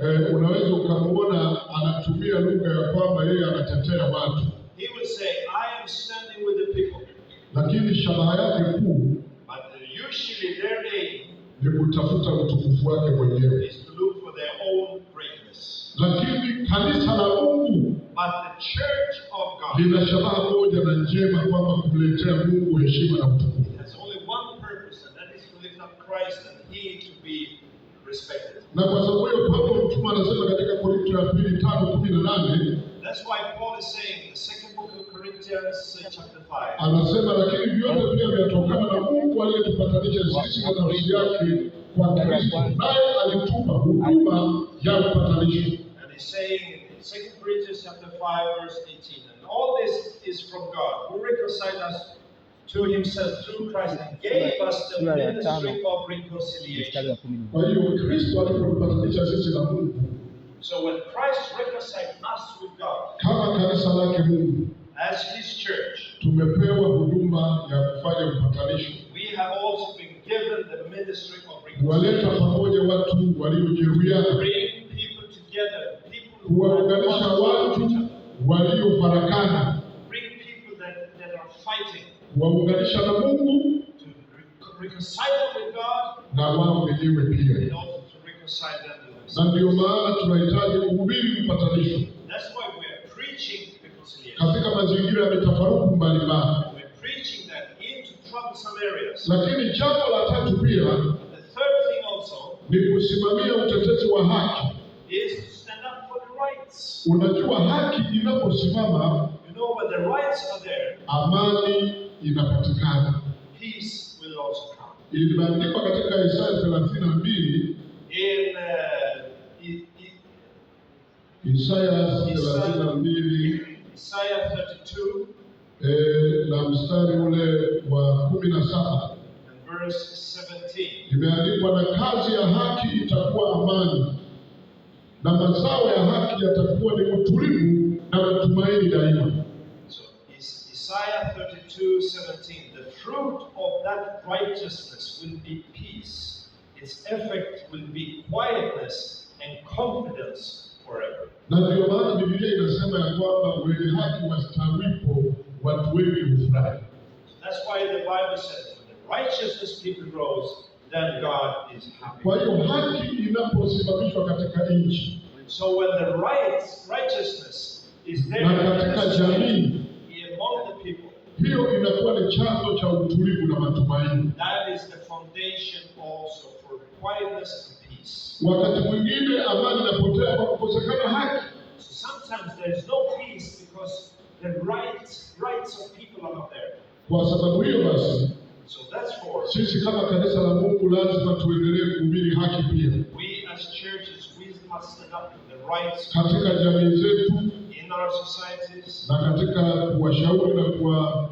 eh, unaweza ukamwona anatumia lugha ya kwamba yeye anatetea watu, lakini shabaha yake kuu ni kutafuta utukufu wake mwenyewe. Lakini kanisa la Mungu lina shabaha moja na njema, kwamba kumletea Mungu heshima na utukufu. Na kwa sababu hiyo anasema katika Korinto ya pili tano kumi na nane uh, anasema lakini vyote pia vyatokana na Mungu aliyetupatanisha sisi na nafsi yake kwa Kristo, naye alitupa huduma ya upatanisho. Second Corinthians chapter 5 verse 18. And all this is from God, who reconciled us to himself through Christ and gave us the ministry of reconciliation. Kwa hiyo Kristo alipopatanisha sisi na Mungu. So when Christ reconciled us with God, kama kanisa lake Mungu, as his church, tumepewa huduma ya kufanya upatanisho. We have also been given the ministry of reconciliation. Waleta pamoja watu waliojeruhiana. Bring people together, people who are watu waliofarakana kuwaunganisha na Mungu na wao wenyewe pia, na ndio maana tunahitaji kuhubiri upatanisho katika mazingira ya mitafaruku mbalimbali. Lakini jambo la tatu pia ni kusimamia utetezi wa haki. Unajua haki inaposimama, you know, amani inapatikana. Ilibandikwa katika Isaya thelathini na mbili uh, Isaya thelathini na mbili eh, na mstari ule wa kumi na saba imeandikwa, na kazi ya haki itakuwa amani, na mazao ya haki yatakuwa ni utulivu na matumaini daima. Isaiah 32 17, the fruit of that righteousness will be peace, its effect will be quietness and confidence forever. That's why the Bible says when the righteousness people grows, then God is happy. so when the righteousness is there, ndio inakuwa ni chanzo cha utulivu na matumaini. That is the foundation also for quietness and peace. Wakati mwingine amani inapotea kwa kukosekana haki. So sometimes there is no peace because the rights rights of people are not there. Kwa sababu hiyo basi So that's for sisi kama kanisa la Mungu lazima tuendelee kuhubiri haki pia. We as churches we must stand up for the rights. Katika jamii zetu na katika kuwashauri na kuwa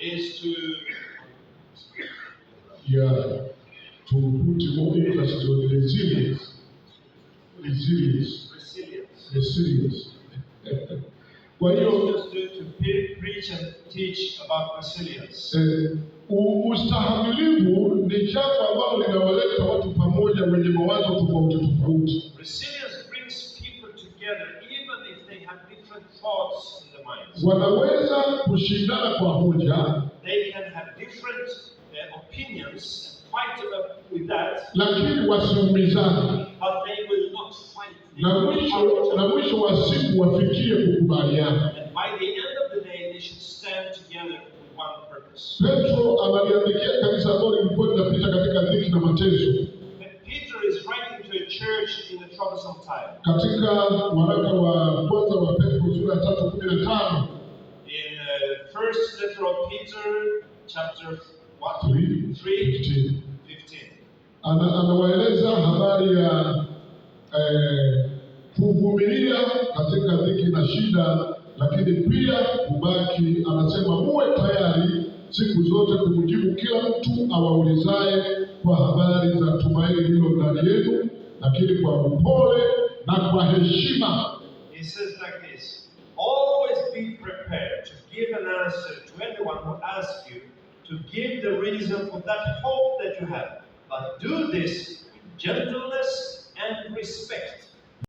is to yeah, to put more emphasis on resilience. Resilience. Resilience. Resilience. Kwa hiyo eh, ustahamilivu ni jambo ambalo linawaleta watu pamoja wenye mawazo tofauti tofauti wanaweza kushindana kwa hoja, uh, lakini wasiumizana na mwisho wa siku wafikie kukubaliana. Petro analiandikia kanisa ambalo lilikuwa linapita katika dhiki na mateso. Katika waraka wa kwanza in uh, First Letter of Peter chapter 1, 3, 15. anawaeleza habari ya eh, kuvumilia katika dhiki na shida, lakini pia kubaki. Anasema muwe tayari siku zote kumjibu kila mtu awaulizaye kwa habari za tumaini hilo ndani yenu, lakini kwa upole na kwa heshima. He says like this Always be prepared to give an answer to anyone who asks you to give the reason for that hope that you have. But do this with gentleness and respect